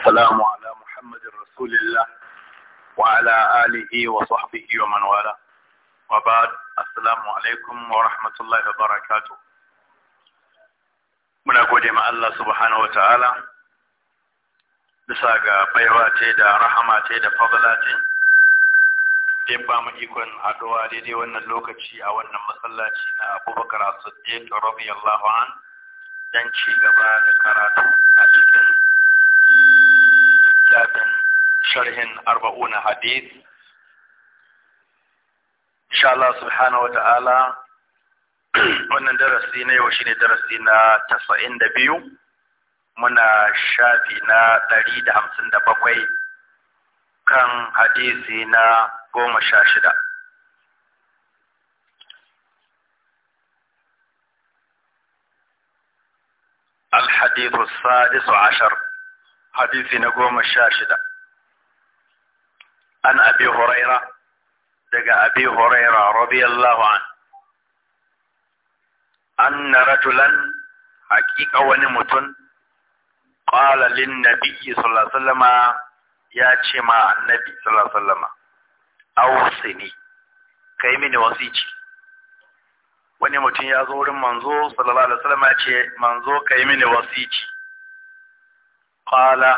السلام على محمد رسول الله وعلى آله وصحبه ومن والاه وبعد السلام عليكم ورحمة الله وبركاته من muna gode ma Allah subhanahu wataala bisa ga baiwa ce da rahama ce da fadla ce da ba mu ikon haɗuwa daidai wannan lokaci a wannan masallaci na Abubakar As-Siddiq radiyallahu an dan ci gaba da karatu a cikin littafin sharhin arba'una hadith insha Allah subhanahu wata'ala wannan darasi na yau shine darasi na tasa'in da biyu, muna shafi na ɗari da da hamsin bakwai, kan hadisi na goma sha shida. الحديث السادس عشر hadisi na goma sha shida an abi huraira daga abi huraira عنه an رجلا حقيقة haƙiƙa wani mutum صلى الله عليه وسلم يا ya ce ma الله عليه وسلم أوصني kai mini wasici wani mutum ya zo wurin manzo sallallahu alaihi wasallam ya ce manzo kai mini wasici qala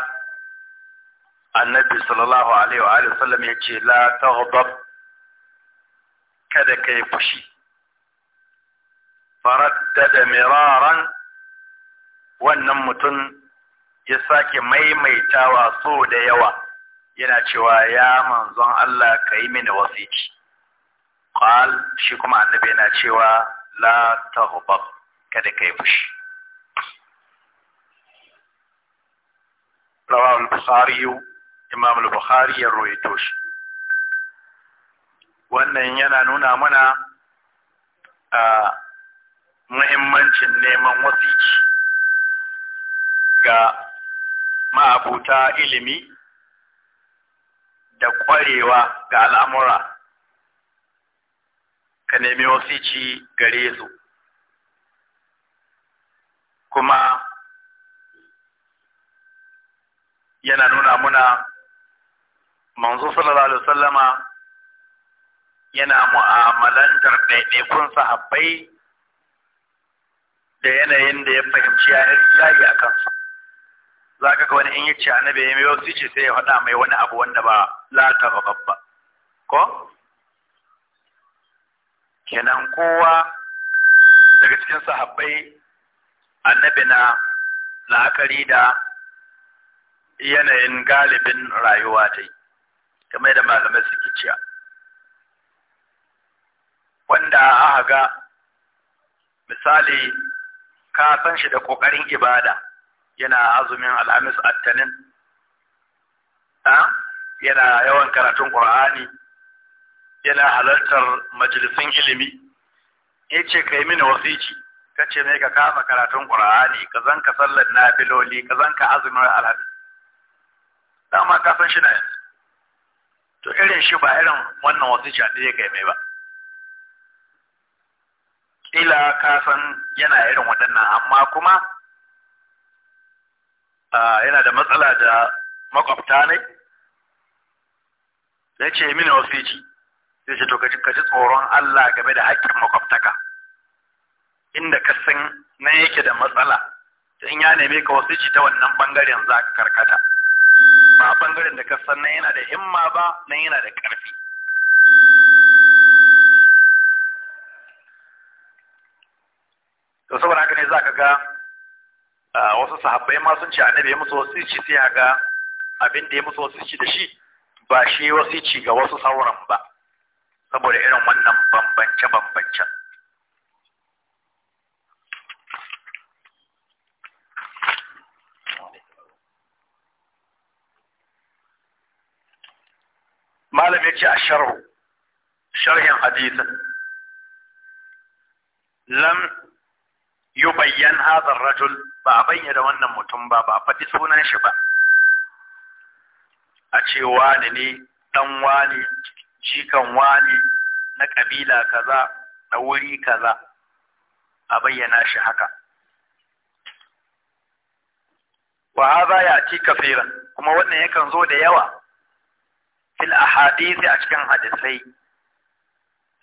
annabi sallallahu alaihi wa alihi wasallam yace la taghdab kada kai fushi faraddada miraran wannan mutum ya sake maimaitawa so da yawa yana cewa ya manzon Allah ka yi mini wasici qal shi kuma annabi yana cewa la taghdab kada kai fushi rawahu al-bukhari imam al-bukhari ya rawaito wannan yana nuna mana a muhimmancin neman wasici ga ma'abuta ilimi da ƙwarewa ga al'amura ka nemi wasici gare su kuma yana nuna muna manzo sallallahu alaihi wasallama yana mu'amalantar ɗaiɗaikun sahabbai da yanayin da ya fahimci ya yi a kansu za ka ga wani in yi ci annabi ya miyo ce sai ya faɗa mai wani abu wanda ba lata ba babba ko kenan kowa daga cikin sahabbai annabi na la'akari da yanayin galibin rayuwa ta yi kamar da malamai suke cewa wanda aka ga misali ka san shi da ƙoƙarin ibada yana azumin alhamis attanin yana yawan karatun ƙur'ani yana halartar majalisun ilimi ya ce ka yi mini wasici ka ce mai ka kama karatun ƙur'ani ka zanka sallar nafiloli ka zanka azumin alhamis dama ka san shi na yanzu to irin shi ba irin wannan shaɗi ɗaya kai mai ba kila ka san yana irin waɗannan amma kuma yana da matsala da makwabta ne ya ce mini wasiki zai ce to ka ji tsoron Allah game da haƙƙin makwabtaka inda ka san na yake da matsala in ya neme ka wasiki ta wannan bangaren za ka karkata ba bangaren da ka san nan yana da himma ba nan yana da ƙarfi to saboda haka ne za ka ga wasu sahabbai ma sun ce annabi ya musu wasu ci sai ga abin da ya musu wasu ci da shi ba shi wasu ci ga wasu sauran ba saboda irin wannan bambance-bambancen malam ce a sharhu sharhin hadisin lam yubayyan hadha ar-rajul ba a bayyana wannan mutum ba ba a faɗi sunan shi ba a ce wani ne dan wani jikan wani na kabila kaza da wuri kaza a bayyana shi haka wa hadha ya'ti kafiran kuma wannan yakan zo da yawa fil ahadisi a cikin hadisai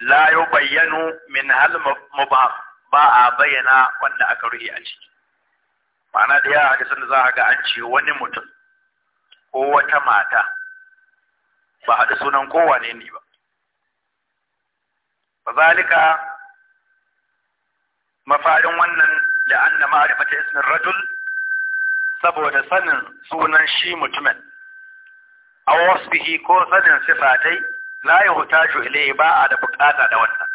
la bayanu min hal mubah ba a bayyana wanda aka ruhi a ciki ma'ana da yawa hadisin da za a ga an ce wani mutum ko wata mata ba haɗu sunan kowane ne ba Ba fazalika mafaɗin wannan da an na ma'arifata ismin rajul saboda sanin sunan shi mutumin aw wasfihi ko sanin sifatai la yuhtaju ilayhi ba a da bukata da wannan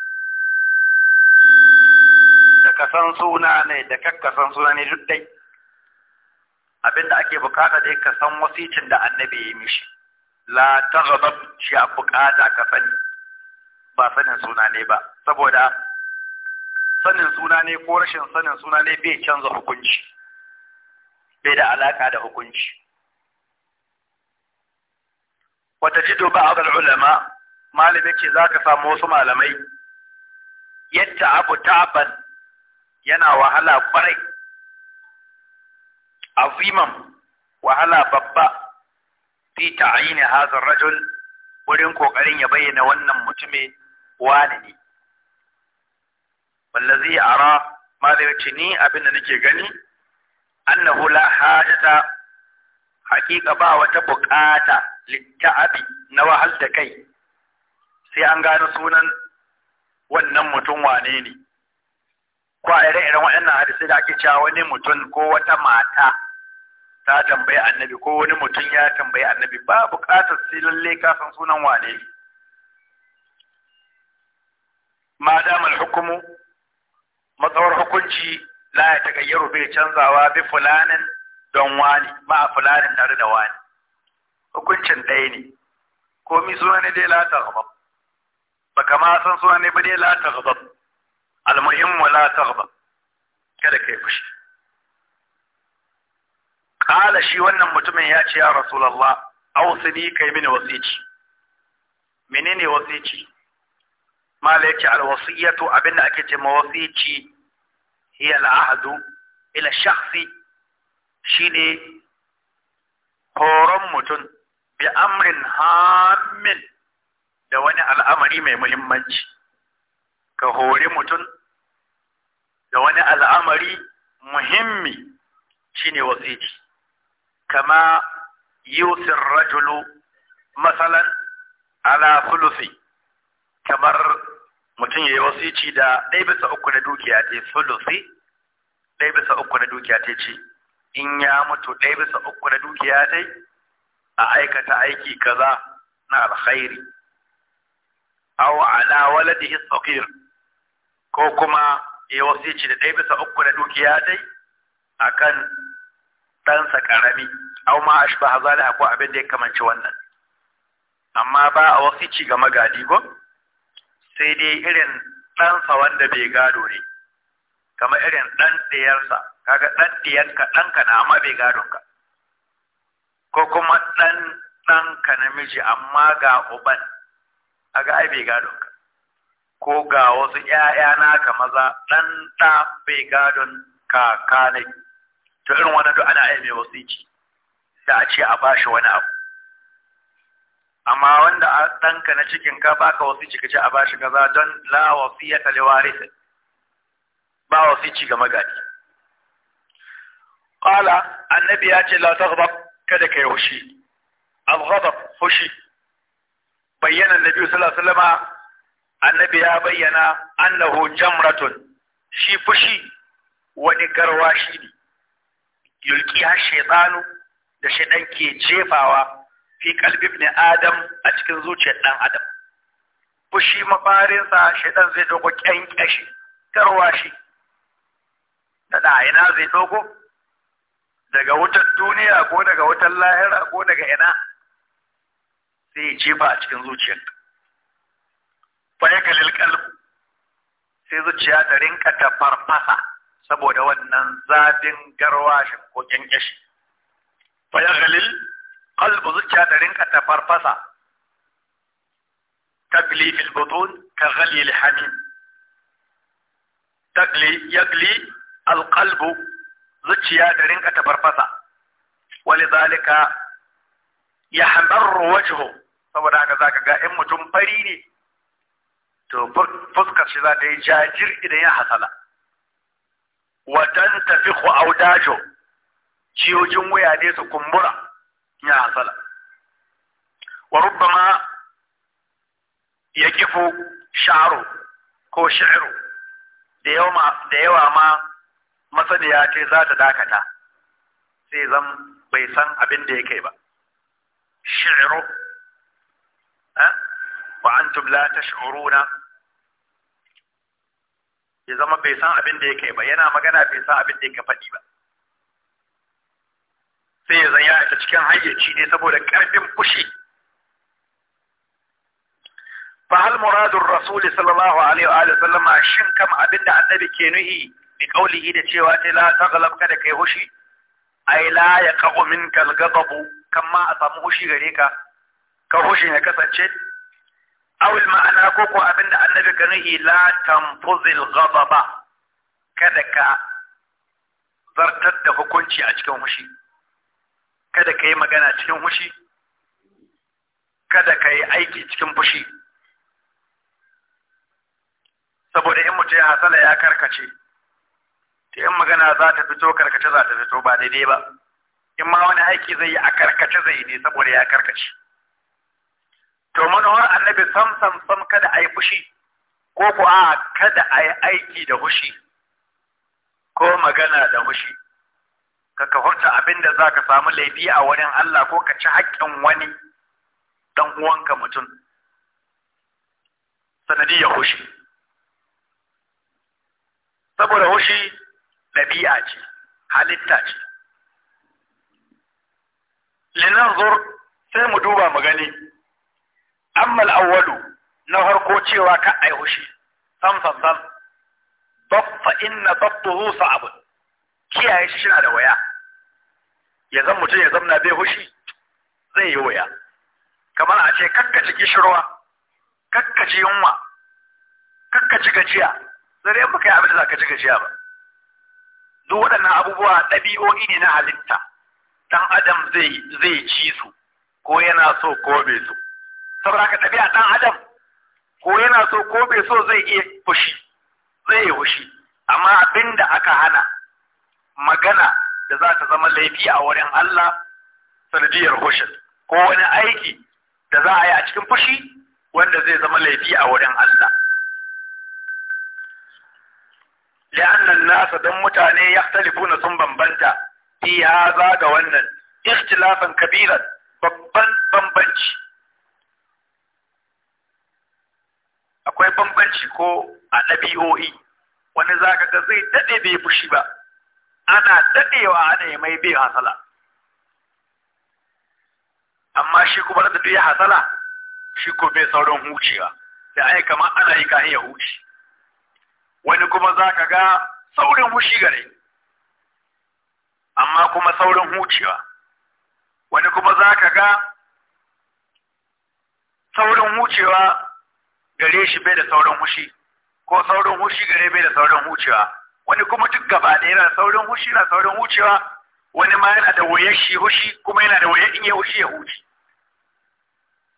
da ka san suna ne da kakka san suna ne duk dai abinda ake bukata dai ka san wasicin da annabi ya yi mishi la taghdab shi a bukata ka sani ba sanin suna ne ba saboda sanin suna ne ko rashin sanin suna ne bai canza hukunci bai da alaka da hukunci wata jido ba abal ulama malami ce za ka samu wasu malamai yadda abu ta'aban yana wahala kwarai aziman wahala babba fi ni hazar rajul wurin kokarin ya bayyana wannan mutumin wani ne wallazi ara malami ce ni abin da nake gani annahu la hajata hakika ba wata bukata litta'abi na wahal da kai sai an gano sunan wannan mutum wane ne ko a ire-iren waɗannan hadisi da ake cewa wani mutum ko wata mata ta tambayi annabi ko wani mutum ya tambayi annabi ba bukatar sai lalle ka san sunan wane ne ma damar hukumu matsawar hukunci la ya tagayyaru bai canzawa bi fulanin don wani ma a fulanin tare da wani hukuncin ɗaya ne mi suna ne dai lata ba, ba kama san suna ne ba dai ba, almuhim wa lata kada kai fushi kala shi wannan mutumin ya ce ya rasulullah ausini kai mini wasici menene wasici mala yake alwasiyatu abinda ake ce ma wasici hiya al'ahdu ila shakhsi shine horon mutum bi amrin hamil da wani al'amari mai muhimmanci ka hori mutum da wani al'amari muhimmi shine wasiti kama yusir rajulu masalan ala sulusi kamar mutum ya yi wasici da ɗaya bisa uku na dukiya ta sulusi ɗaya bisa uku na dukiya ta ce in ya mutu ɗaya bisa uku na dukiya dai a aikata aiki kaza na alkhairi aw ala waladihi saqir ko kuma ya wasici da ɗaya bisa uku na dukiya dai akan ɗansa ƙarami aw ma ashbaha zalika ko abin da ya kamanci wannan amma ba a wasici ga magadi ko? sai dai irin ɗansa wanda bai gado ne kamar irin ɗan ɗiyarsa kaga ɗan ɗiyarka ɗanka na amma bai gadonka ko kuma ɗan ɗanka namiji amma ga uban kaga ai bai gadonka ko ga wasu ‘ya'ya ka maza ɗan ɗa bai gadon kaka ne to irin wani duk ana aime wasiki da a ce a ba shi wani abu amma wanda ɗanka na cikin ka baka wasu ce a bashi kaza don la wasiyata li warisin ba wasici ga magadi qala annabi ya ce la taghdab kada yi hushi al-ghadab hushi bayyana annabi sallallahu alaihi wasallam annabi ya bayyana annahu jamratun shi fushi wani garwashi ne yulki har shaytanu da shaytan ke jefawa fi kalbi ibn adam a cikin zuciyar dan adam fushi mafarinsa shaytan zai dogo kyankyashi shi. da ina zai ɗauko daga wutar duniya ko daga wutar lahira ko daga ina sai jefa a cikin zuciyar. fa ya kalil kalbu sai zuciya ta rinka ta farfasa saboda wannan zafin garwashin ko kyankyashi fa ya kalil kalbu zuciya ta rinka ta farfasa fil butun ka ghalil hamim tagli yagli alƙalbu zuciya da rinka tafarfasa wani zalika ya ruwaci ho saboda haka zaka ga in mutum fari ne to fuskar shi za ta yi jajir idan ya hasala watan tafi ku audajo ciyojin wuya ne su kumbura ya hasala wa rubbama ya kifo sharo ko shi'iru da yawa ma masaniya ce za ta dakata sai zan bai san abin da yake ba shi'ru eh? wa antum la tash'uruna ya zama bai san abin da yake ba yana magana bai san abin da yake faɗi ba sai ya zan ta cikin hayyaci ne saboda ƙarfin fushi fa hal muradur rasul sallallahu alaihi wa alihi shin kam abinda annabi ke nuhi bi kaulihi da cewa ta la taghlab kada kai hushi ai la yaqu minka al-ghadab kamma a samu hushi gare ka ka hushi ya kasance aw ma'ana ko ko abinda annabi ka nahi la tanfuzil ghadaba kada ka zartar da hukunci a cikin hushi kada ka yi magana cikin hushi kada ka yi aiki cikin fushi saboda in mutum ya hasala ya karkace ta yin magana za ta fito karkace za ta fito ba daidai ba in ma wani aiki zai yi a karkace zai ne saboda ya karkace to manuwar annabi sam sam sam kada a yi fushi ko ko a kada a yi aiki da fushi ko magana da fushi ka ka furta abin da za ka samu laifi a wurin Allah ko ka ci haƙƙin wani dan uwanka mutum sanadiyar fushi saboda fushi ɗabi'a ce halitta ce zur sai mu duba mu gani ammal awwalu na harko cewa ka aihushi, sam sam sam baffa inna babbuhu abu, kiyaye shi na da waya ya zan mutum ya zamna bai hushi zai yi waya kamar a ce kakkaci kishirwa kakkaci yunwa kakkaci gajiya zare yin baka yi abin da ka ci gajiya ba duk waɗannan abubuwa ɗabi'o'i ne na halitta ɗan adam zai zai ci su ko yana so ko bai so saboda ka ɗabi'a ɗan adam ko yana so ko bai so zai iya fushi zai yi fushi amma abin da aka hana magana da za ta zama laifi a wurin Allah sanadiyar hushin ko wani aiki da za a yi a cikin fushi wanda zai zama laifi a wurin Allah li'annan nasa don mutane yaktalifuna sun bambanta fi haza ga wannan ikhtilafan kabiran babban bambanci akwai bambanci ko a ɗabi'o'i wani zaka ga zai daɗe bai fushi ba ana daɗewa ana yi mai bai hasala amma shi kuma da ya hasala shi ko bai sauran hucewa da ai kama ana yi kahin ya huce wani kuma za ka ga saurin hushi gare amma kuma saurin hucewa wani kuma za ka ga saurin hucewa gare shi bai da saurin hushi ko saurin hushi gare bai da saurin hucewa wani kuma duk gaba da yana saurin hushi na saurin hucewa wani ma yana da wayar shi hushi kuma yana da wayar in ya hushi ya huci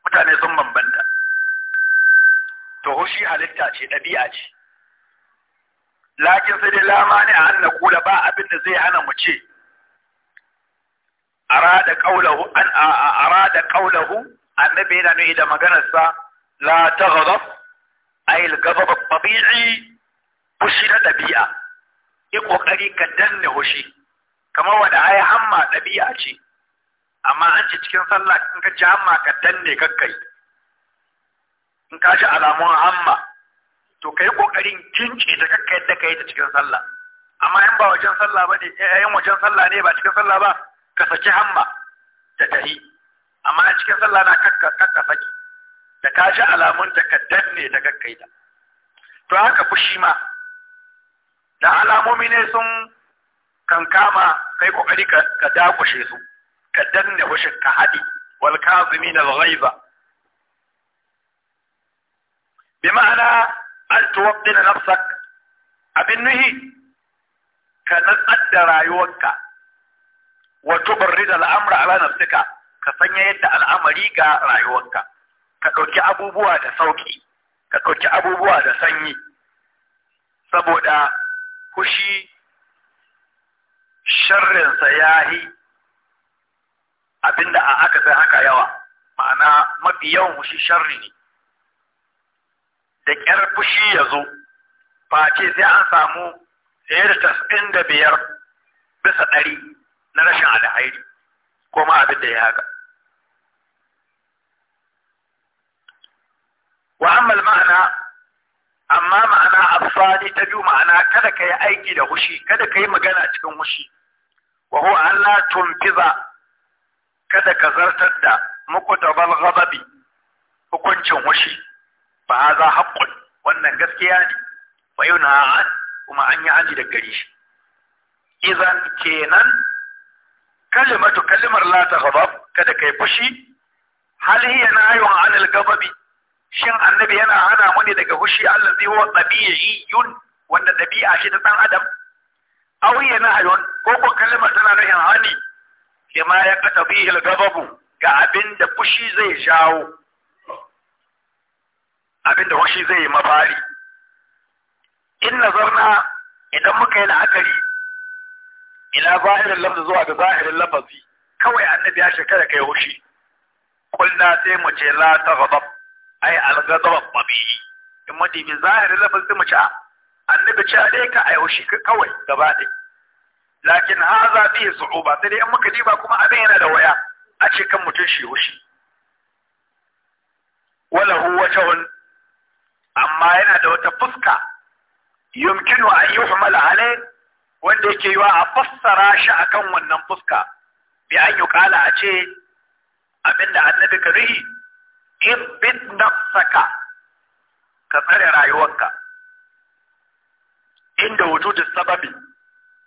mutane sun bambanta to hushi halitta ce ɗabi'a ce lakin sai dai lamani a an na kula ba abin da zai hana mu ce arada qawluhu an arada qawluhu annabi yana nuni da maganarsa la taghadab ay al-ghadab at-tabi'i fushi na dabi'a kokari ka danne hushi kamar wanda ai hamma dabi'a ce amma an ce cikin sallah in ka ji hamma ka danne kakkai in ka ji alamun hamma to kai kokarin kince da kakka yadda kai ta cikin sallah amma in ba wajen sallah ba ne yayin eh, wajen sallah ne ba cikin sallah ba ka saki hamma da tahi amma a cikin sallah na kakka kakka saki da ka ji alamun ta ka danne ta kakka ta to haka fushi ma da alamomi ne sun kankama kai kokari ka dakushe su ka danne fushin ka haɗi wal kazimin al-ghaiba bima'ana ma'ana an na nafsak abin nuhi ka natsar da rayuwarka barri da al'amura ala nafsika ka sanya yadda al'amari ga rayuwarka ka ɗauki abubuwa da sauki ka ɗauki abubuwa da sanyi saboda kushi sharrinsa ya yi abinda a aka sai haka yawa ma'ana mafi yawan kushi sharri ne da ƙyar fushi ya zo face sai an samu fiye da tasirin da biyar bisa ɗari na rashin alhairi ko ma abin da ya haka wa ammal ma'ana amma ma'ana afsani ta ju ma'ana kada ka yi aiki da hushi kada ka yi magana cikin hushi wa huwa Allah tumfiza kada ka zartar da muqtabal ghadabi hukuncin hushi fa hadha haqqun wannan gaskiya ne fa yunha an kuma an yi aji da gari shi idan kenan kalimatu kalimar la taghdab kada kai fushi hal hiya nahyun an al-ghadab shin annabi yana hana mu ne daga fushi allazi huwa tabi'iyun wanda dabi'a shi ta dan adam aw hiya nahyun ko ko kalimar tana nufin hani lima ya katabihi al-ghadab ga abin da fushi zai jawo abinda washi zai yi mafari in nazarna idan muka yi la'akari ila zahirin lafzi zuwa ga zahirin lafazi kawai annabi ya shekara kai hoshi kulna sai mu ce la gaba ai al babi tabi'i in mu dibi zahirin lafazi mu ce annabi ce dai ka ai hoshi kawai gaba ɗaya lakin fi yi su'uba sai dai in muka diba kuma abin yana da waya a ce kan mutum shi hoshi wala huwa wajhun amma yana da wata fuska yumkinu an yi yuhmala alai wanda yake yiwa a fassara shi a kan wannan fuska bi an yi kala a ce da annabi ka rihi ibid nafsaka ka tsare rayuwarka inda da sababi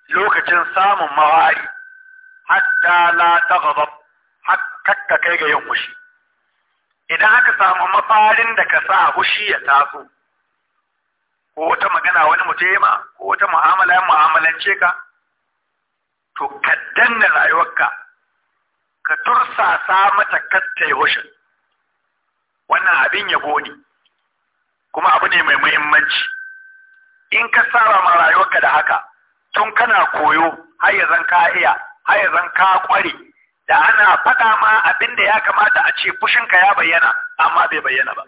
lokacin samun mawari hatta la taghdab hakka kai ga yin mushi idan aka samu mafarin da ka sa hushi ya taso ko wata magana wani mutum ma ko wata mu'amala mu'amalance ka to ka danna rayuwarka ka tursasa mata kattai hushin wannan abin yabo ne kuma abu ne mai muhimmanci in ka tsara ma rayuwarka da haka tun kana koyo har ya zan ka iya har ya zan ka kware da ana faɗa ma abin da ya kamata a ce fushinka ya bayyana amma bai bayyana ba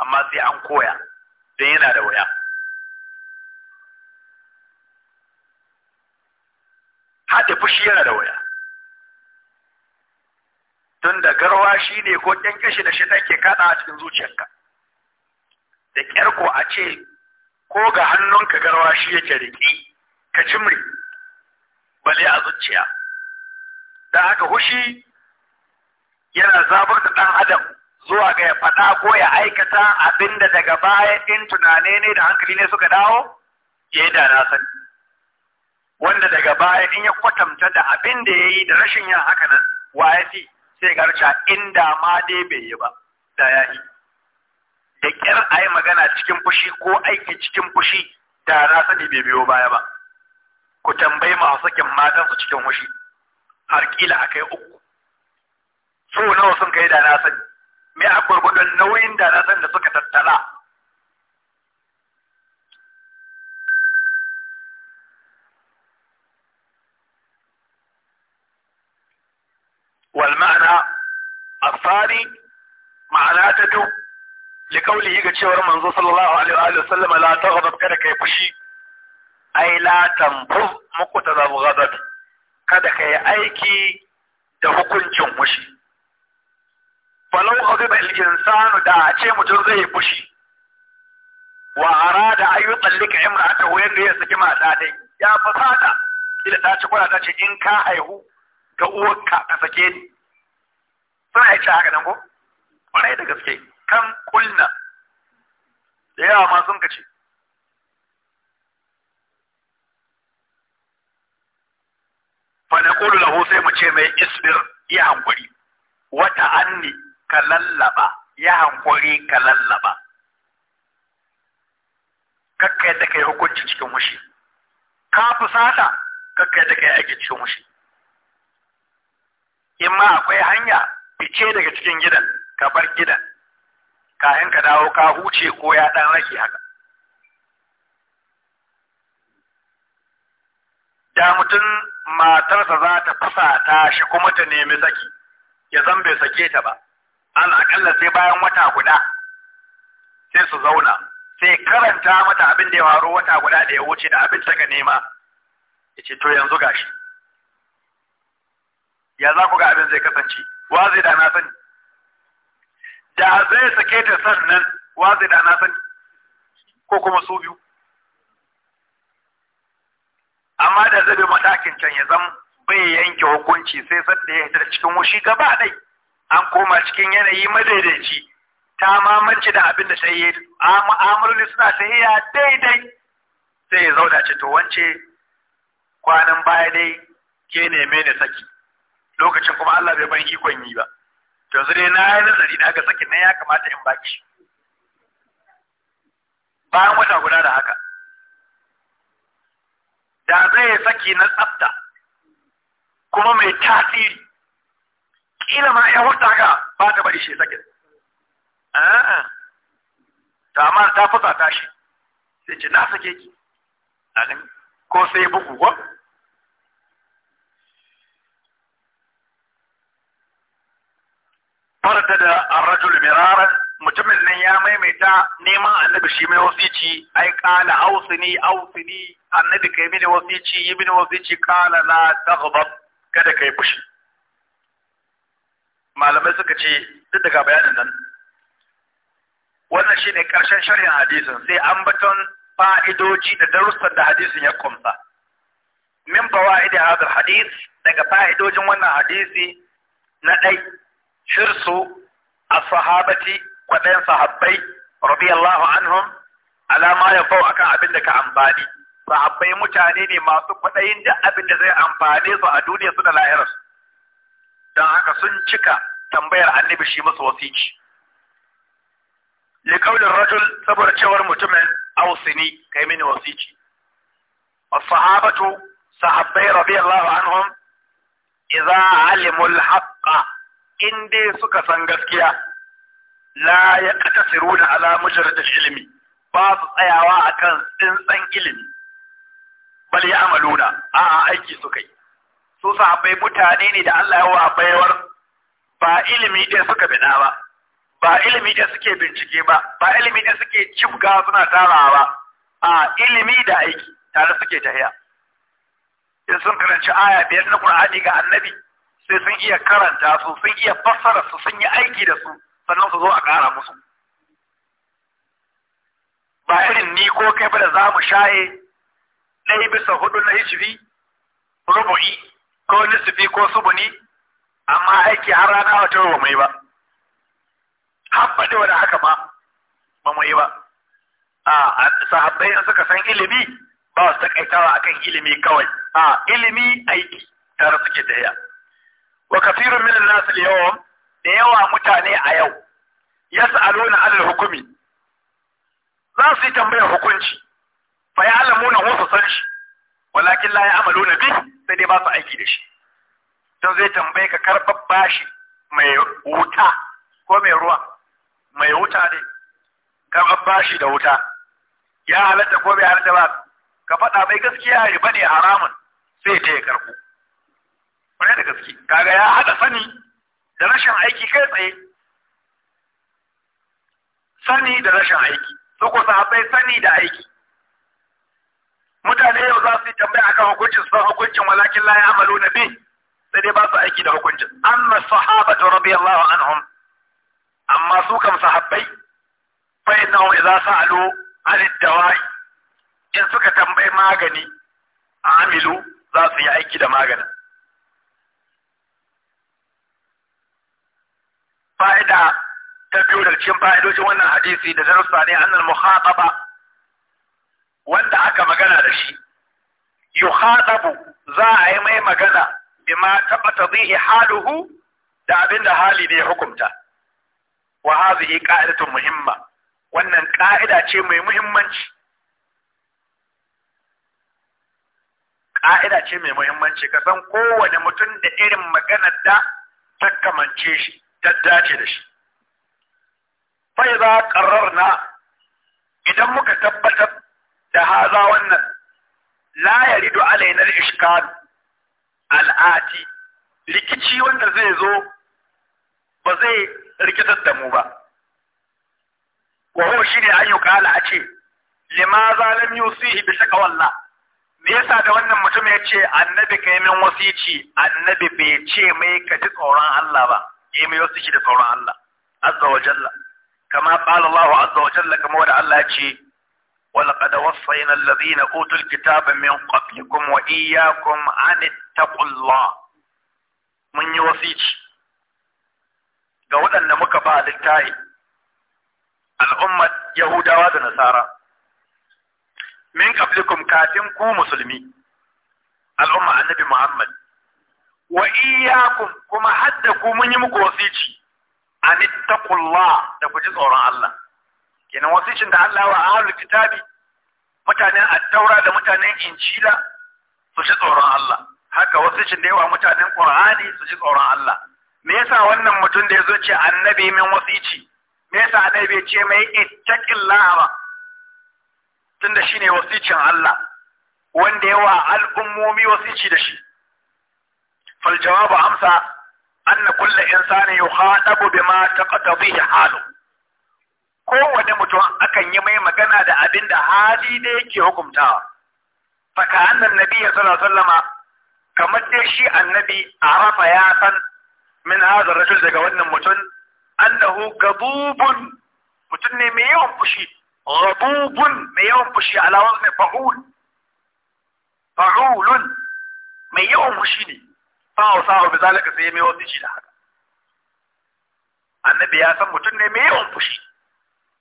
amma sai an koya don yana da wuya haɗe fushi yana da wuya tun da garwa shi ne ko ƙyanƙyashi da shi ke kaɗa a cikin zuciyarka da ƙyar ko a ce ko ga hannunka garwa shi yake riƙi ka cimri bale a zuciya da haka hushi yana zabar da ɗan adam zuwa ga ya faɗa ko ya aikata abin da daga baya ɗin tunane ne da hankali ne suka dawo ya yi da na sani wanda daga baya in ya kwatanta da abin da ya yi da rashin yin haka nan ya fi sai garca inda ma dai bai yi ba da ya yi da ƙyar a yi magana cikin fushi ko aiki cikin fushi da na sani bai biyo baya ba ku tambayi masu sakin matansu cikin fushi har kila a kai uku so nawa sun kai da na sani me a gwargwadon nauyin da na sani da suka tattala والمعنى الثاني معنى تدو لقوله ga cewar manzo sallallahu alaihi wa sallam la taghdab kada kai fushi ai la tanfuz muku tazab ghadab kada ka yi aiki da hukuncin fushi falau ghadiba ilgin sanu da a ce mutum zai yi fushi wa lika yi mata imra'atahu da ya saki mata dai ya fi fata kila ta ci kwana ta ce in ka haihu ga uwar ka sake ni sun haici haka nan ko kwarai da gaske kan kulna da yawa ma sun kace fa Kulu lahu sai mu ce mai isbir ya hankuri wata anni ka lallaba ya hankuri ka lallaba kakka yadda kai hukunci cikin mushi ka fusata kakka yadda kai aiki cikin mushi in ma akwai hanya fice daga cikin gidan ka bar gidan kayan ka dawo ka huce ko ya ɗan rage haka da mutum matarsa za ta fasa ta shi kuma ta nemi saki ya zan bai sake ta ba akalla sai bayan wata guda sai su zauna sai karanta mata abin da ya faru wata guda da ya wuce da abin ta ka nema ya ce to yanzu gashi ya za ku ga abin zai kasance wa zai da na sani da zai sake ta sannan wa zai da na sani ko kuma su biyu amma da zabe matakin can ya zama bai yanke hukunci sai sadda ya hita cikin wushi gaba dai an koma cikin yanayi madaidaici ta mamanci da abin da ta yi amurli suna sahiya daidai sai ya zauna ce to wance kwanan baya dai ke neme ni saki lokacin kuma Allah bai ban ikon yi ba to yanzu dai na yi nazari na ga sakin nan ya kamata in baki bayan wata guda da haka da zai saki na tsafta kuma mai tasiri kila ma ya hurta ka ba ta bari shi sakin a'a ta ma ta fusa ta shi sai ce na sake ki a ko sai bugu ko farta da arrajul miraran mutumin nan ya maimaita neman annabi shi mai wasici ai kala ausini ausini annabi kai mini wasici yi mini wasici kala la taghdab kada kai fushi malamai suka ce duk daga bayanin nan wannan shine karshen sharhin hadisin sai an baton fa'idoji da darussan da hadisin ya kumsa min fawaidi hadal hadis daga fa'idojin wannan hadisi na dai shirsu a sahabati kwaɗayin sahabbai radiyallahu anhum alama ya fau akan abin da ka amfani sahabbai mutane ne masu kwaɗayin duk abin da zai amfane su a duniya su da lahirarsu don haka sun cika tambayar annabi shi musu wasici liƙaunin rajul saboda cewar mutumin ausini kai mini wasici sahabatu sahabbai radiyallahu anhum idza alimul haqqa in dai suka san gaskiya la ya da ala mujarradil ilmi ba su tsayawa akan tsintsan ilimi bal ya amaluna a aiki su kai su sahabbai mutane ne da Allah ya wa baiwar ba ilimi ɗaya suka bida ba ba ilimi ɗaya suke bincike ba ba ilimi ɗaya suke cibga suna tarawa ba a ilimi da aiki tare suke tahiya in sun karanci aya biyar na Qur'ani ga Annabi sai sun iya karanta su sun iya fassara su sun yi aiki da su sannan su zo a ƙara musu ba irin ni ko kai ba da za mu shaye ɗaya bisa hudu na hijiri rubu'i ko nisifi ko subuni amma aiki har rana wata ba mu yi ba habbaɗe wa da haka ma ba mu yi ba a sahabbai in suka san ilimi ba su takaitawa akan ilimi kawai a ilimi aiki tare suke da ya wa kafirun min nasu da yawa mutane a yau yas'aluna alal hukumi za su yi tambayar hukunci fa alamu na su san shi walakin la na bi sai dai ba su aiki da shi to zai tambaye ka karɓar bashi mai wuta ko mai ruwa mai wuta ne karɓar bashi da wuta ya halatta ko bai halatta ba ka faɗa mai gaskiya ya bane haramun sai ta ya karɓo kwarai da gaske kaga ya haɗa sani da rashin aiki kai tsaye sani da rashin aiki su ku sahabbai sani da aiki mutane yau za su yi tambaya akan hukuncin sun hukuncin walakin la ya'malu bi sai dai ba su aiki da hukuncin amma sahabatu radiyallahu anhum amma su kam sahabbai fa innahum idza sa'alu an dawai in suka tambayi magani a amilu za su yi aiki da maganin fa'ida ta biyu da cikin fa'idojin wannan hadisi da darussa ne annal muhataba wanda aka magana da shi yuhatabu za a yi mai magana bima taba zihi haluhu da abinda hali ne ya hukunta wa hadhihi muhimma wannan ƙa'ida ce mai muhimmanci ƙa'ida ce mai muhimmanci ka kowane mutum da irin maganar da ta kamance shi ta dace da shi fai za na idan muka tabbatar da haza wannan la yaridu alainar ishkal al'ati rikici wanda zai zo ba zai rikitar da mu ba wa shi ne an yi kala a ce limaza lam yusihi bi walla me yasa da wannan mutum ya ce annabi kai min wasici annabi bai ce mai ka ji tsoron Allah ba yayi mai wasici da tsoron Allah azza wa jalla kama qala Allah azza wa jalla kama wanda Allah ce ولقد وصينا الذين أوتوا الكتاب من قبلكم وإياكم أن اتقوا الله mun yi wasici ga waɗanda muka ba littafi al'ummar Yahudawa da Nasara min qablikum kafin ku musulmi al'umma annabi Muhammad wa kuma hadda ku mun yi muku an ittaqullah da ku ji tsoron Allah kenan wasicin da Allah wa ahlul kitabi mutanen Attaura da mutanen injila su ji tsoron Allah haka wasicin da yawa mutanen qur'ani su ji tsoron Allah me yasa wannan mutum da yazo ce annabi min wasici me yasa annabi ce mai ittaqillah ba tunda shine wasicin Allah wanda yawa al'ummomi wasici da shi fal jawabu amsa أن كل إنسان يخاطب بما تقتضيه حاله كو ده متوان أكن يمي مغانا ده أبين ده حالي ده تا فكأن النبي صلى الله عليه وسلم كما تشي النبي عرف ياسن من هذا الرجل ده قوان متوان أنه غضوب متوان ميوم بشي غضوب ميوم بشي على وزن فعول فعول ميوم بشي sawa sawa bi zalika sai mai wani shi da haka annabi ya san mutum ne mai yawan fushi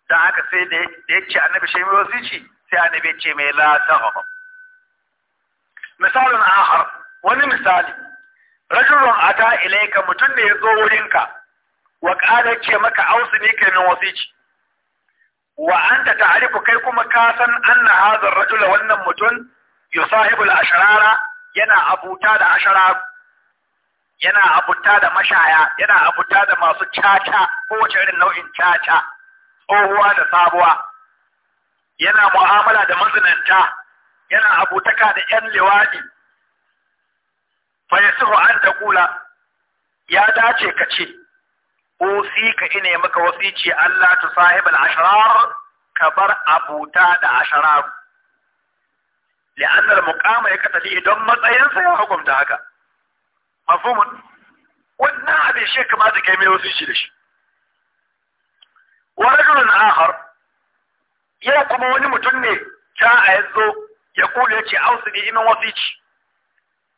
Don haka sai da ya ce annabi shi mai wani shi sai annabi ya ce mai la misalin ahar wani misali rajulun ata ilaika mutum ne ya zo wurinka wa qala ce maka ausu ne yi min wasici wa anta ta'rifu kai kuma ka san anna hadha ar-rajula wannan mutum yusahibu al-ashrara yana abuta da ashrara yana abuta da mashaya yana abuta da masu caca ko wace irin nau'in caca tsohuwa da sabuwa yana mu'amala da mazinanta yana abutaka da yan liwadi fa an an kula? ya dace ka ce ka ine maka wasici Allah ta sahibul ashrar ka bar abuta da ashrar li'anna al-muqama idan don matsayinsa ya hukunta haka mafumin wannan abin shi kamata kai mai wasu shi da shi wa rajulun akhar yau kuma wani mutum ne ta a yanzu ya kula ya ce ausu ne imin shi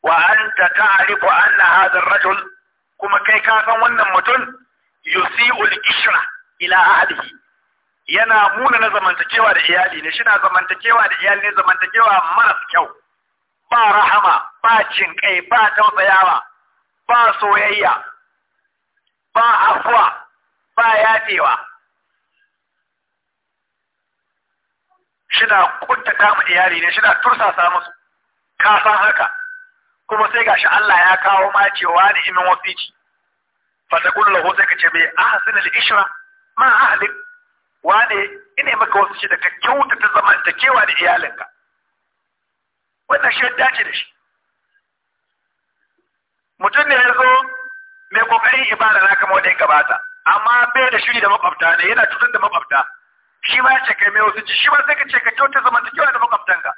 wa anta ta'rifu anna hadha ar-rajul kuma kai ka san wannan mutum yusi'ul ishra ila ahlihi yana muna na zamantakewa da iyali ne shi na zamantakewa da iyali ne zamantakewa marasa kyau ba rahama ba cin kai ba tausayawa ba soyayya ba afuwa ba yafewa kunta kuntata mu iyali ne shina tursasa musu ka san haka kuma sai gashi Allah ya kawo ma cewa ne imin wasici fa ta kullu lahu sai kace a ahsin al ishra ma ahlik wane ina maka wasu shi da ka kyautata zamantakewa da iyalinka wannan ya dace da shi mutum ne ya zo mai kokari ibada na kama wanda ya gabata amma bai da shiri da makwabta ne yana cutar da makwabta shi ba ya ce kai mai wasu shi ba sai ka ce ka kyauta kyauta da makwabtanka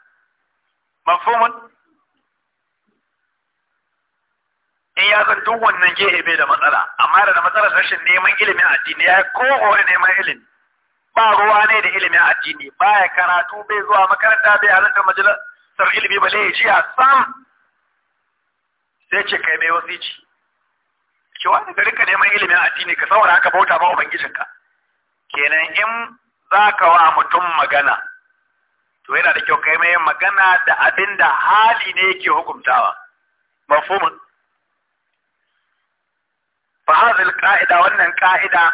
mafhumun in ya zan duk wannan gehe bai da matsala amma da matsalar rashin neman ilimin addini ya kowane neman ilimi ba ruwa ne da ilimin addini ba ya karatu bai zuwa makaranta bai halittar majalisar ilimi ba ne ya a sam sai ce kai mai wasici ki wani da ka neman ilimin addini ka saboda haka bauta ba ubangijinka kenan in za ka wa mutum magana to yana da kyau kai mai magana da abin da hali ne yake hukuntawa mafhumin fa ka'ida alqa'ida wannan qa'ida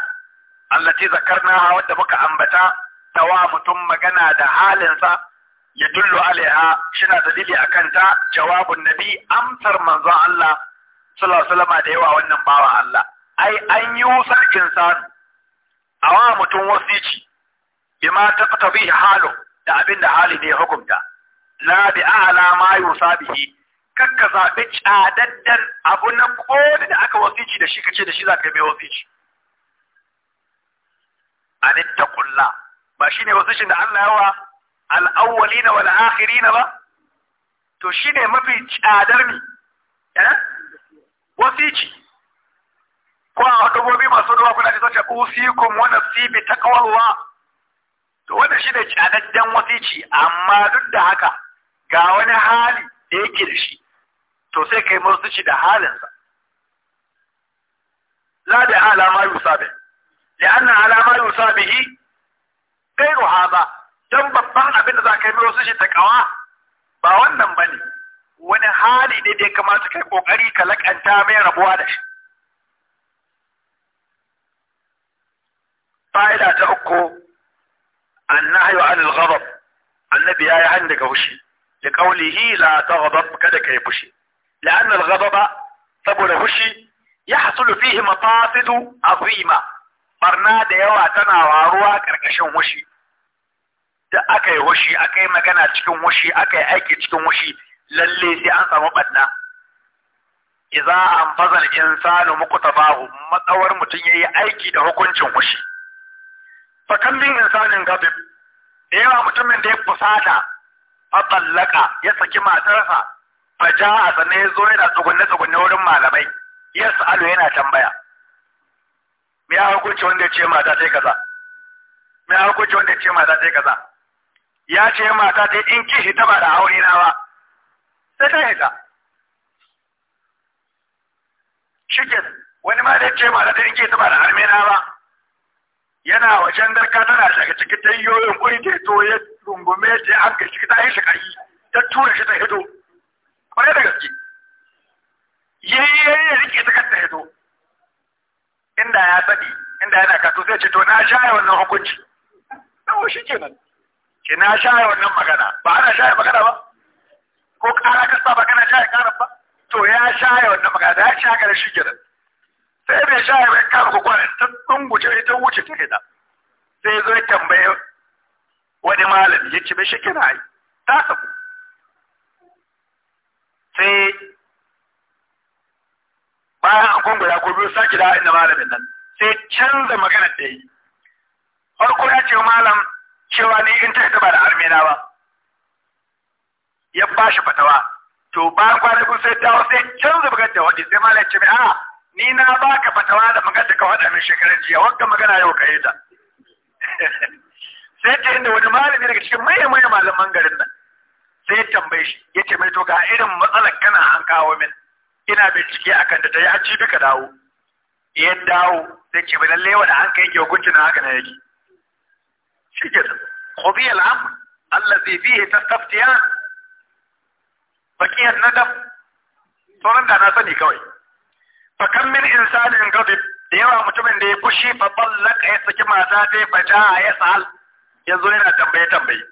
allati zakarnaha wadda muka ambata ta wa mutum magana da halinsa yadullu alaiha shina dalili akan ta jawabun nabi amsar manzon Allah sallallahu alaihi wasallam da yawa wannan bawa Allah ai an yi sarkin sanu a wa mutum wasici bima taqtabi halu da abinda hali ne hukunta la bi a'la ma yusa bihi kakka zabi cadaddan abu na kodi da aka wasici da shi kace da shi zaka mai wasici anittaqullah ba shine wasicin da Allah ya wa? wa wal na ba to shine mafi tsadar ne eh ci, ko a dubobi masu ruwa kuna da sace usikum na Sibi, bi taqwallah to wannan shine tsadaddan wasici amma duk da haka ga wani hali da yake da shi to sai kai ci da halinsa la da alama yusabe لأن على ما يوصى به غير هذا don babban abin da za ka yi mai wasu shi ta kawa ba wannan ba ne wani hali ne da ya kamata kai kokari ka lakanta mai rabuwa da shi fa'ida ta uku annahyu anil ghadab annabi yayi hani daga fushi da qawlihi la taghdab kada kai fushi la'anna al ghadaba saboda fushi yahsulu fihi mafasid azima barna da yawa tana waruwa karkashin fushi da aka yi washi aka yi magana cikin washi aka yi aiki cikin washi lalle sai an samu ɓanna iza an fazal insanu bahu matsawar mutum ya yi aiki da hukuncin washi fa kallin insanin gabib da yawa mutumin da ya fusata fa tsallaka ya saki matarsa fa a sannan ya zo yana tsugunne tsugunne wurin malamai ya sa'alu yana tambaya me ya hukunci wanda ya ce mata sai kaza me ya hukunci wanda ya ce mata sai kaza ya ce mata ta in ki hita ba da aure na ba sai ta hita shikin wani ma zai ce mata ta in ki hita ba da harme na ba yana wajen darka tana shaka ciki ta yoyin kuri ta to ya rungume ta an ga shi ta yi shi kai ta tura shi ta hito kwarai da gaske yayi yayi rike ta ta hito inda ya sadi inda yana kato sai ce to na sha wannan hukunci to shi kenan ina shaye wannan magana ba ana shaye magana ba ko kana kasa ba kana shaye karan ba to ya shaye wannan magana da ya shaye karan shi gidan sai bai shaye bai kama kwana ta dunguce ita wuce ta gida. sai zo ya tambaye wani malami ya ci bishi kina yi ta sabu sai bayan an kongura ko biyu sake da inda malamin nan sai canza magana da yi farko ya ce malam cewa ni in ta ba da armena ba ya ba shi fatawa to bayan kwanakun sai dawo sai canza bugar da wani, sai malam ce mai a ni na baka fatawa da magana da ka faɗa min shekarar jiya wanka magana yau ka yi ta sai ta inda wani malami daga cikin mai mai malaman garin nan sai ya tambaye shi ya ce mai to ga irin matsalar kana an kawo min ina bincike akan da ta yi a cibi ka dawo ya dawo sai ce mai lallai wani an kai ke hukuncin haka na yake shikenan khudiya al-amr allazi fihi tastaftiyan bakiyar nadam sauran da na sani kawai fakan min insanin gabi da yawa mutumin da ya fushi fa ya saki mata ta fa ja ya yanzu yana tambaye tambaye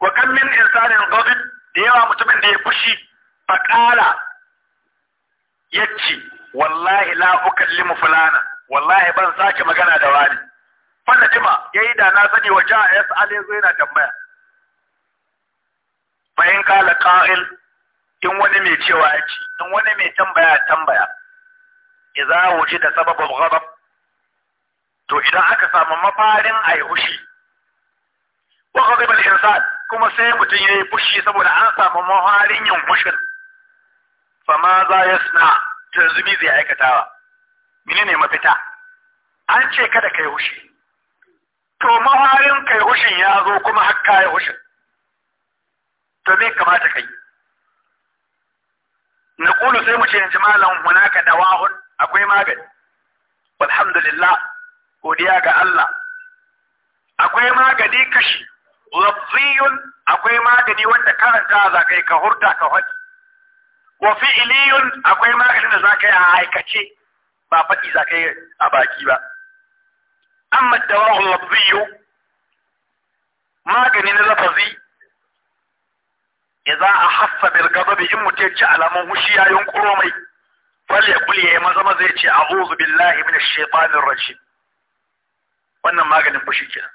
wa kan min insanin gabi da yawa mutumin da ya fushi fa kala yace wallahi la ukallimu fulana wallahi ban sake magana da wani falla jima ya yi da na sani wa ja'a ya sa'ala ya zo yana tambaya bayan kala ƙa'il in wani mai cewa ya ci in wani mai tambaya tambaya wuce da sababin ghadab to idan aka samu mafarin a yi hushi zai ghadab insan kuma sai mutum ya yi fushi saboda an samu mafarin yin fushin fama za ya suna tunzumi zai aikatawa ne mafita an ce kada ka yi hushi to mawarin kai hushin ya zo kuma hakka ya hushin to me kamata kai na kulu sai mu ce yanzu malam hunaka wahun, akwai magani walhamdulillah godiya ga Allah akwai magani kashi rabbiyun akwai magani wanda karanta za ka yi ka hurta ka faɗi wa fi'liyun akwai magani da za ka yi a aikace ba faɗi za ka yi a baki ba amma dawa'ul lafziyyu magani na lafazi idza ahassa bil ghadab in mutai ci alaman hushi ya yunkuro mai fal ya kulli ya maza maza ya ce a'udhu billahi minash shaitanir rajim wannan maganin fushi kenan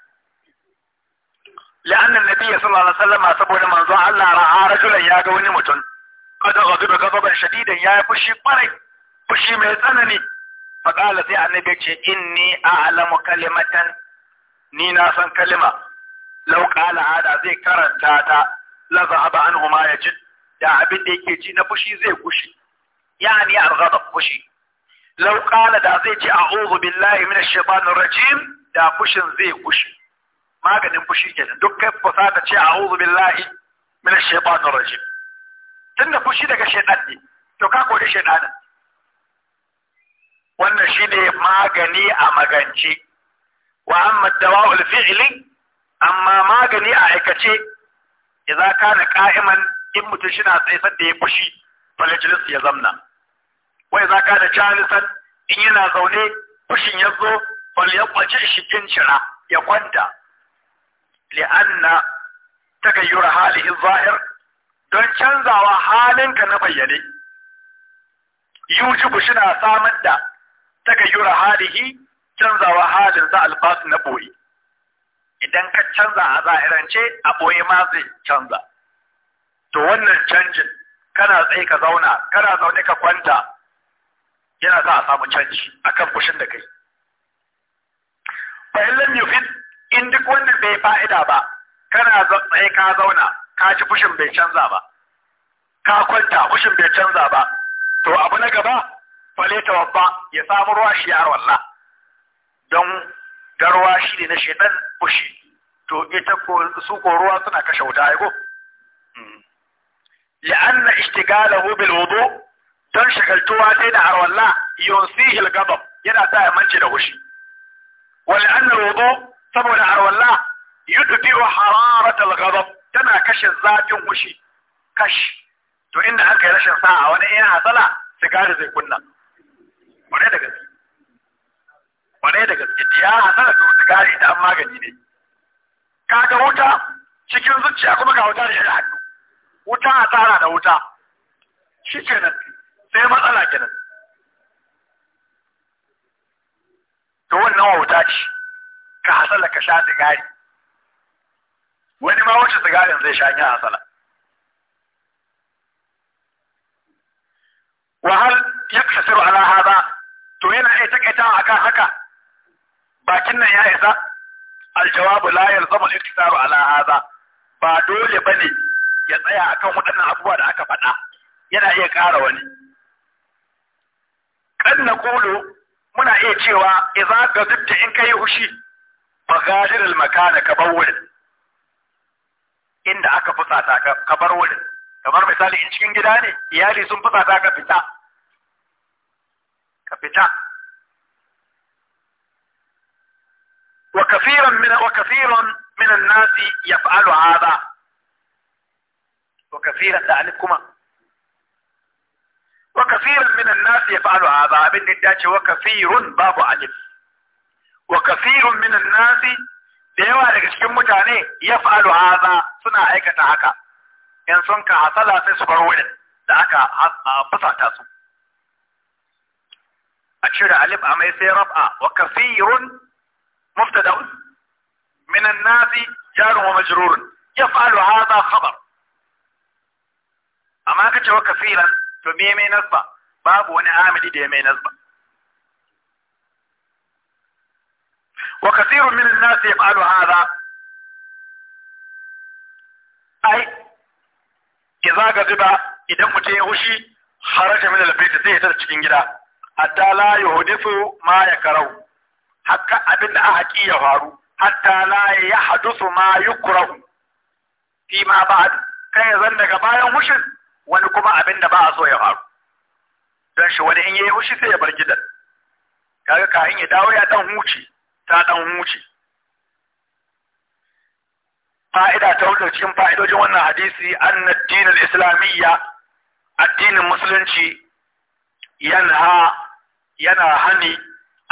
la'anna nabiyyi sallallahu alaihi wasallam saboda manzo Allah ra'a rajulan ya ga wani mutum kada ghadaba ghadaban shadidan ya fushi kwarai fushi mai tsanani faƙala sai annabi ce inni a'lamu kalimatan ni na san kalima law qala hada zai karanta ta la an anhu ya ci. da abin da yake ji na fushi zai Ya ni al-ghadab fushi law qala da zai ce a'udhu billahi minash shaitanir rajim da fushin zai kushi maganin fushi kenan duk kai fasa ta ce a'udhu billahi minash shaitanir rajim tunda fushi daga shaitan ne to ka kori shaitanin wannan shi ne magani a magance wa amma dawa'ul fi'li amma magani a aikace ka na ƙa’iman in mutum shi na tsaye da ya fushi falajilis ya zamna Wai za ka da canisan in yana zaune fushin ya zo falyaqji shi cira ya kwanta li'anna hali in zahir don canzawa halinka na bayyane yujibu shi na samar da tagayyura halihi canzawa halin za alfasu na boye idan ka canza a zahirance a boye ma zai canza to wannan canjin kana tsaye ka zauna kana zaune ka kwanta yana za a samu canji akan fushin da kai fa in lam yufid in duk wannan bai fa'ida ba kana tsaye ka zauna ka ci fushin bai canza ba ka kwanta fushin bai canza ba to abu na gaba faleta babba ya samu ruwa shi ya walla don garwa shi ne na shaitan fushi to ita su ko ruwa suna kashe wuta ai ko لأن اشتغاله بالوضوء don shagaltuwa sai da harwalla yunsihi al-ghadab yana sa ya mance da fushi. wal anna wudu saboda harwalla yudbiru hararat al-ghadab tana kashe zafin hushi kash to inda aka yi rashin sa'a wani yana hasala sigari zai kunna kwarai da gaske kwarai da gaske ya hasara da wata da an magani ne ka wuta cikin zuciya kuma ga wuta da shi hannu wuta hasara da wuta shi kenan sai matsala kenan to wannan wuta ce ka hasala ka sha sigari wani ma wacce sigarin zai sha ya hasala وهل يقتصر على هذا to yana iya takaitawa kan haka bakin nan ya isa aljawabu la yalzamu al-iktisaru ala hadha ba dole bane ya tsaya akan waɗannan abubuwa da aka faɗa yana iya ƙara wani kan na kulu muna iya cewa idza gadabta in kai hushi magadir al-makana ka bar inda aka fusata ka bar wurin kamar misali in cikin gida ne iyali sun fusata ka fita ka fita wa kafiran min wa kafiran min an-nas yaf'alu hadha wa kafiran da alif kuma wa kafiran min an-nas yaf'alu hadha abin da dace wa kafirun babu alif wa kafirun min an-nas da yawa daga cikin mutane yaf'alu hadha suna aikata haka in sun ka hasala sai su bar wurin da aka fusata su أشير علم أما يسير ربأ وكثير مبتدا من الناس جار ومجرور يفعل هذا خبر أما كتش وكثيرا فمي مين أصبع باب وني عامل دي مين أصبع وكثير من الناس يفعل هذا أي إذا قذبا إذا متين وشي خرج من البيت زي تلتش إنجلا hatta la yuhdisu ma yakrahu hakka abin da aka ya faru hatta la yahdusu ma yukrahu fi ma ba'd kai zan daga bayan hushin wani kuma abin da ba a so ya faru dan shi wani in yayi hushi sai ya bar gidan kaga in ya dawo ya dan huce ta dan huce fa'ida ta wannan cikin fa'idojin wannan hadisi anna ad-din al-islamiyya addinin musulunci yanha yana hani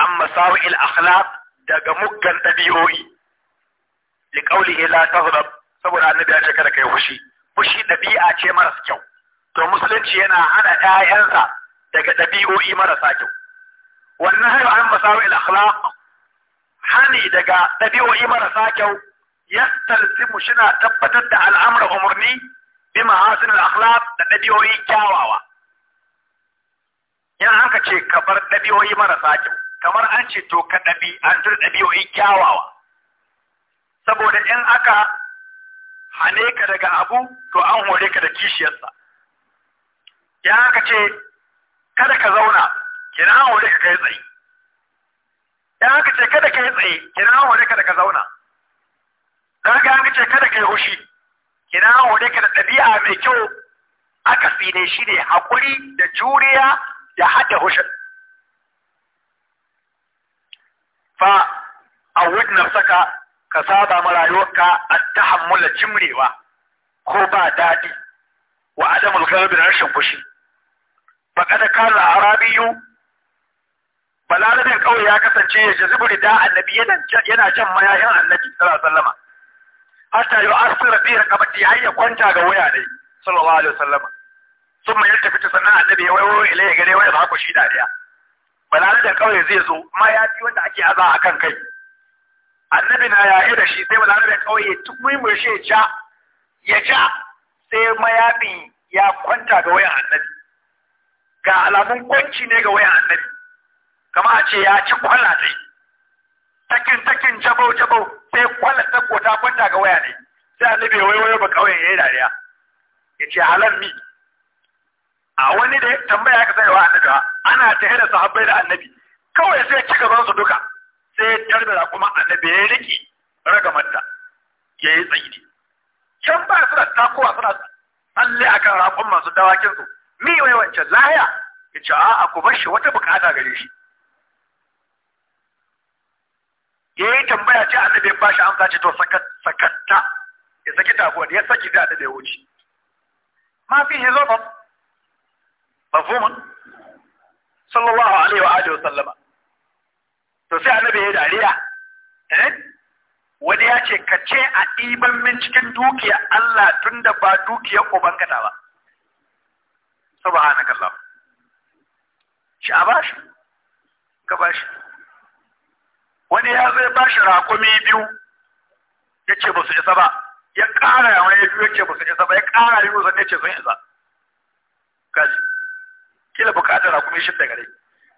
an masawi'il akhlaq daga muggan ɗabi'o'i li qawlihi la tahrab saboda annabi ya ce kada kai fushi fushi dabi'a ce marasa kyau to musulunci yana hana ayyansa daga ɗabi'o'i marasa kyau wannan hayo an masawi'il akhlaq hani daga ɗabi'o'i marasa kyau yastalzimu shina tabbatar da al'amra umurni bi mahasin al-akhlaq da ɗabi'o'i kyawawa in aka ce ka bar ɗabi'o'i marasa kyau kamar an ce to ka ɗabi an tur ɗabi'o'i kyawawa saboda in aka hane ka daga abu to an hore ka da kishiyarsa in aka ce kada ka zauna kina an hore ka kai tsaye in aka ce kada ka yi tsaye kina an hore ka da ka zauna Don ka aka ce kada ka yi hushi kina an hore ka da ɗabi'a mai kyau aka ne shi ne haƙuri da juriya Ya hada hushin fa a wudnar saka ka saba mara rayuwarka a tahammula cimrewa, ko ba daɗi wa adamul galibin rashin fushi Ba faƙad kana arabiyu balarabin ƙauye ya kasance ya jazibu da annabi yana jan mayayin annabi sallallahu alaihi wasallama hatta kamar ta yi hanyar kwanta ga waya ne sallallahu alaihi wasallama sun mayar tafi ta sannan annabi ya waiwo ilai gare wai ba ku shi dariya da kauye zai zo ma ya fi wanda ake aza a kan kai annabi na yaye da shi sai balaradan kauye tun muhimmin ya ja ya ja sai mayafin ya kwanta ga wayan annabi ga alamun kwanci ne ga wayan annabi Kamar a ce ya ci kwalla dai takin takin jabau jabau sai kwalla ta kwanta ga waya ne sai annabi ya waiwayo ba kauyen ya yi dariya ya ce halar mi a wani da tambaya ka sai wa annabi ana tare da sahabbai da annabi kawai sai ci gaban su duka sai tarbira kuma annabi ya riki ragamanta ya yi tsayi can ba suna takowa suna tsalle akan raƙon masu dawakin su mi wai wancan lahiya ya ce a ku bar shi wata bukata gare shi ya yi tambaya ce annabi ba shi amsa ce to sakatta ya saki takuwa ya saki da da ya wuce ma fi hizofan mafhumun sallallahu alaihi wa alihi sallama to sai annabi ya dariya eh wani ya ce ka ce a ɗiban min cikin dukiya Allah tunda ba dukiya dukiyar ubangata ba subhanakallah shi a bashi ka bashi wani ya zai bashi rakumi biyu ya ce ba su isa ba ya ƙara wani biyu ya ce ba su isa ba ya ƙara biyu zan ya ce sun isa kaji kila bukatar rakumi shi da gare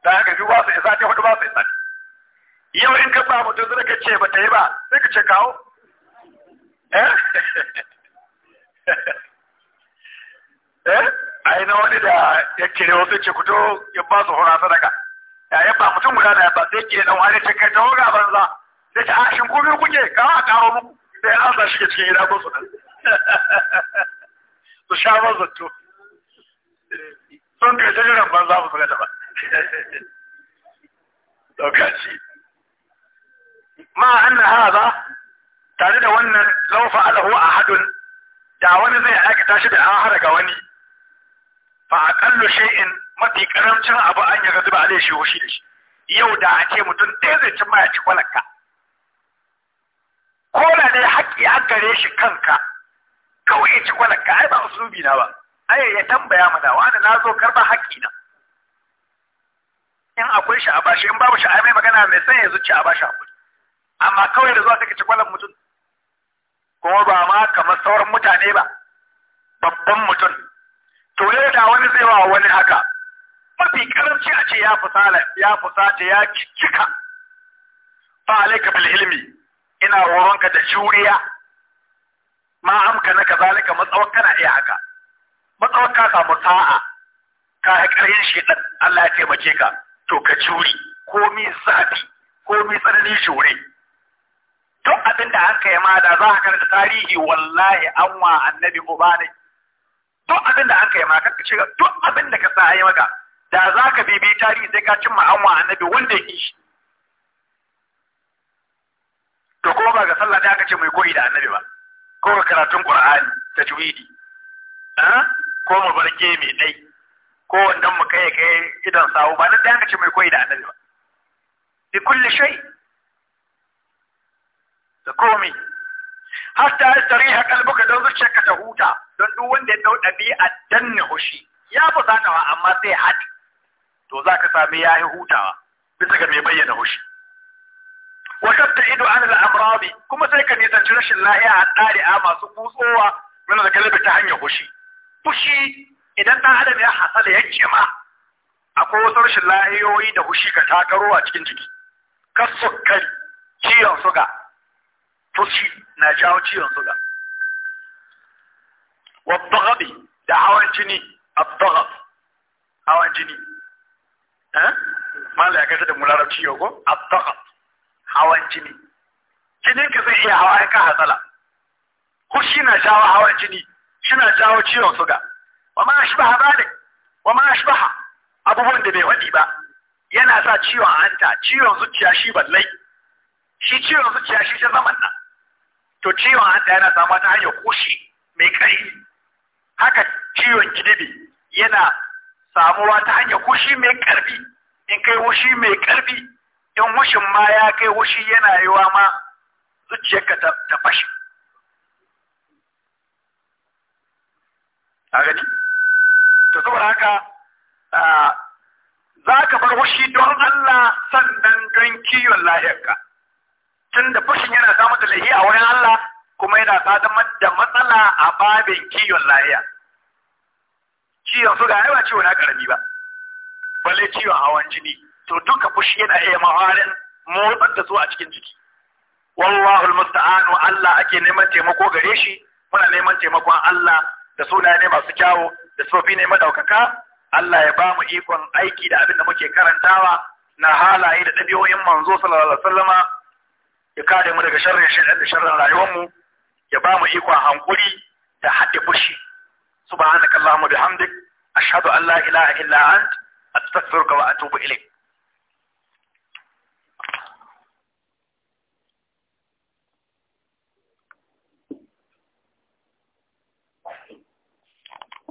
da haka biyu ba su isa ta hudu ba su isa yau in ka samu to zai ka ce ba ta yi ba sai ka ce kawo eh eh ai na wani da ya kire wasu ce ku to ya ba su hura sadaka ya ba mutum guda da ba sai ke dan wani kai ta hura banza sai ta a kuma kuke ka a karo muku sai an sa shi cikin gida ko su nan su sha mazatto sun kai ta jiran ban za mu su gada ba lokaci ma anna haza tare da wannan law fa'alahu ahadun da wani zai aikata shi da ahara ga wani fa aqallu shay'in mafi karamcin abu an ya gazuba alai shi hoshi da shi yau da ake mutum ɗaya zai cin baya ci kwalaka ko da dai haƙƙi an gare shi kanka kawai ya ci kwalaka ai ba usulubi na ba ai ya tambaya mana wani na zo karɓar haƙƙi na in akwai shi a bashi in babu shi a mai magana mai sanya zuci a bashi hakuri amma kawai da zuwa take ci kwalan mutum kuma ba ma kamar sauran mutane ba babban mutum to yau da wani zai wa wani haka mafi karanci a ce ya fusala ya fusata ya cika fa alayka bil ilmi ina horonka da juriya ma amka na kazalika matsawar kana iya haka matsawar ka samu sa'a ka haƙarin shi ɗan Allah ya taimake ka to ka juri komi zafi komi tsanani shure duk abin da an kai ma da za ka karanta tarihi wallahi an wa annabi ubani duk abin da an kai ma ka ce duk abin da ka sa yi maka da za ka bibi tarihi sai ka cimma an wa annabi wanda yake shi to kuma ba ga sallah ne aka ce mai koyi da annabi ba ko karatun qur'ani tajwidi eh ko mafarki mai dai ko wannan mu kai kai idan sawu ba nan da yanka ce mai koyi da annabi ba bi kulli shay da komi hatta istariha kalbuka don zuciyarka ta huta don duk wanda ya dau dabi'a danne hushi ya fusatawa amma sai hadi to za ka sami ya yayi hutawa bisa ga mai bayyana hushi wa tabta'idu an al-amradi kuma sai ka nisanci rashin lahiya a tsari a masu kutsowa min al-kalbi ta hanyar hushi fushi idan ɗan adam ya hasala ya ma, akwai wasu rashin lahiyoyi da fushi ka takaro a cikin jiki kan sukari ciwon suga fushi na jawo ciwon suga wabbagabi da hawan jini abbagab hawan jini eh mala ya kasa da mularar yau ko abbagab hawan jini jinin ka zai iya hawa ya ka hasala fushi na jawo hawan jini shina jawo ciwon suga wa ma shi ba ne? wa ma shi baha? abubuwan da bai wadi ba yana sa ciwon hanta ciwon zuciya shi ballai shi ciwon zuciya shi ta zaman nan to ciwon hanta yana samuwa ta hanyar kushi mai kai. haka ciwon kidibi yana samuwa ta hanyar kushi mai ƙarfi in kai wushi mai ƙarfi in wushin ma ya kai wushi yana yiwa ma zuciyarka ta fashi a gani to saboda haka za ka bar washi don Allah sannan don kiwon lahiyarka tun da fushin yana samar da lahiya a wurin Allah kuma yana sadamar da matsala a babin kiwon lahiya ciwon su ga yawa ciwon haka karami ba balle ciwon hawan jini to duka fushi yana iya maharin motsar da su a cikin jiki wallahul musta'anu Allah ake neman taimako gare shi muna neman taimakon Allah da suna ne masu kyawu da sofi ne madaukaka Allah ya bamu ikon aiki da abin da muke karantawa na halaye da ɗabi'o'in manzo sallallahu alaihi wasallama ya kare mu daga sharrin shaitan da sharrin rayuwar mu ya bamu ikon hankuri da hadde bushi subhanakallahumma bihamdik ashhadu an la ilaha illa ant astaghfiruka wa atubu ilayk